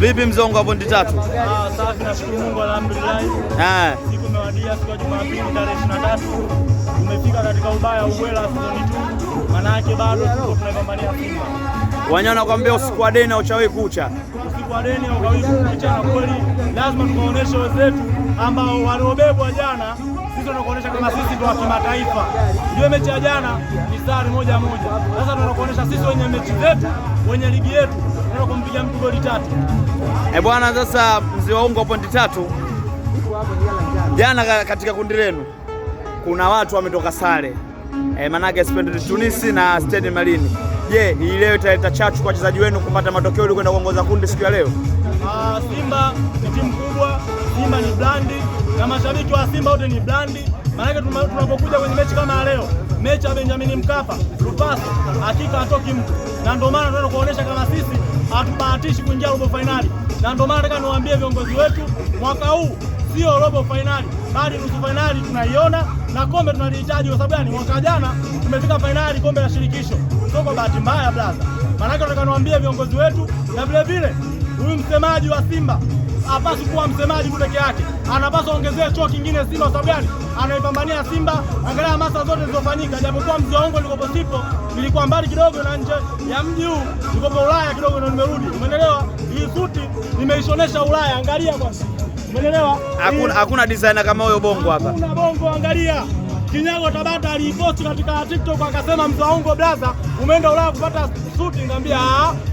Vipi mzongo hapo ndi tatu? Ah, safi nashukuru Mungu alhamdulillah. Eh. Siku imewadia siku ya Jumapili tarehe 23. Tumefika katika ubaya Uwela season 2. Maana yake bado tuko tunapambania Simba. Wanyana nakwambia usiku wa deni hauchawahi kucha. Usiku wa deni hauchawahi kucha na kweli lazima tukaoneshe wenzetu ambao waliobebwa jana sisi tunakuonesha kama sisi ndio wa kimataifa. Ndio mechi ya jana mistari moja moja. Sasa tunakuonesha sisi wenye mechi zetu, wenye ligi yetu, tunataka kumpiga mtu goli tatu. Eh bwana, sasa mzee wa ungo pointi tatu. Jana katika kundi lenu kuna watu wametoka sare Eh, manake Spendi Tunisi na Stade Malini. Je, ni leo italeta chachu kwa wachezaji wenu kupata matokeo ili kwenda kuongoza kundi siku ya leo? Uh, Simba ni timu kubwa. Simba ni brandi na mashabiki wa Simba wote ni blandi, maanake tunapokuja kwenye mechi kama leo, mechi ya Benjamin Mkapa Lupaso, hakika hatoki mtu, na ndio maana tunataka kuonesha kama sisi hatubahatishi kuingia robo finali, na ndio maana nataka niwaambie viongozi wetu, mwaka huu sio robo finali bali nusu finali tunaiona, na kombe tunalihitaji. Kwa sababu gani? Mwaka jana tumefika finali kombe la shirikisho, sio kwa bahati mbaya blaza. Maanake nataka niwaambie viongozi wetu na vilevile huyu msemaji wa Simba hapaswi kuwa msemaji tu peke yake, anapaswa ongezee chuo kingine Simba. Sababu gani? Anaipambania Simba, angalia hamasa zote zilizofanyika, japokuwa mzee wangu nilikopo sipo, nilikuwa mbali kidogo na nje ya mji huu, nilikopo Ulaya kidogo na nimerudi. Umeelewa? Hii suti nimeishonesha Ulaya, angalia basi, umeelewa? Hakuna hakuna designer kama huyo Bongo hapa, hakuna Bongo, angalia Kinyago Tabata aliiposti katika TikTok akasema, wangu brother, umeenda Ulaya kupata suti. Ngambia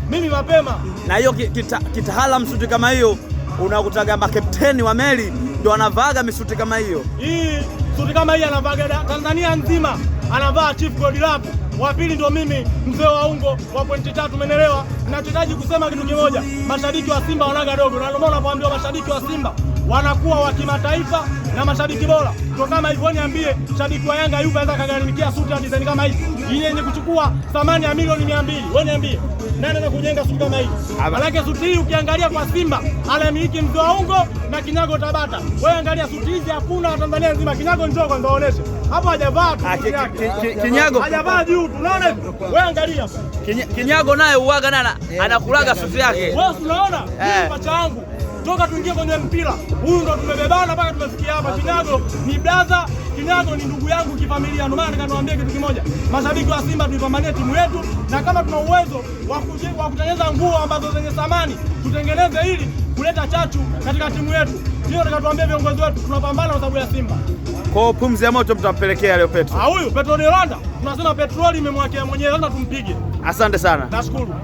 mimi mapema na hiyo kitaalamu kita suti kama hiyo unakutaga makapteni wa meli ndio anavaga misuti kama hiyo. Hii suti kama hii anavaga Tanzania nzima, anavaa Chief Godlove wa pili ndio mimi mzee wa ungo wa pointi tatu, menelewa Nachohitaji kusema kitu kimoja, mashabiki wa Simba wanaga dogo, na ndio maana unapoambiwa mashabiki wa Simba wanakuwa wa kimataifa na mashabiki bora. Ndio kama hivyo, niambie shabiki wa Yanga yupi anaweza kagarimikia suti ya design kama hii yenye kuchukua thamani ya milioni 200? Wewe niambie nani na kujenga suti kama hii? Maanake suti hii ukiangalia kwa Simba anamiliki wa Ungo na Kinyago Tabata. Wewe angalia suti hizi, hakuna Tanzania nzima. Kinyago njoo kwanza aoneshe hapo, hajavaa tu ah, Kinyago, hajavaa juu, unaona Wewe angalia Kinyago naye uwaga nana eh, anakulaga suti yake, wewe unaona pacha eh. yangu toka tuingie kwenye mpira huyu ndo tumebebana mpaka tumefikia hapa. Ah. Kinyago ni brother Kinyago ni ndugu yangu kifamilia. Ndio maana nikaniambia kitu kimoja, mashabiki wa Simba, tuipambanie timu yetu, na kama tuna uwezo wa kutengeneza nguo ambazo zenye thamani tutengeneze, ili kuleta chachu katika timu yetu. Hiyo nikatuambia viongozi wetu, tunapambana kwa sababu ya Simba. Kwa pumzi ya moto mtampelekea leo Petro. Ah, huyu Petro ni Rwanda. Tunasema petroli imemwakia mwenyewe, lazima tumpige. Asante sana. Nashukuru.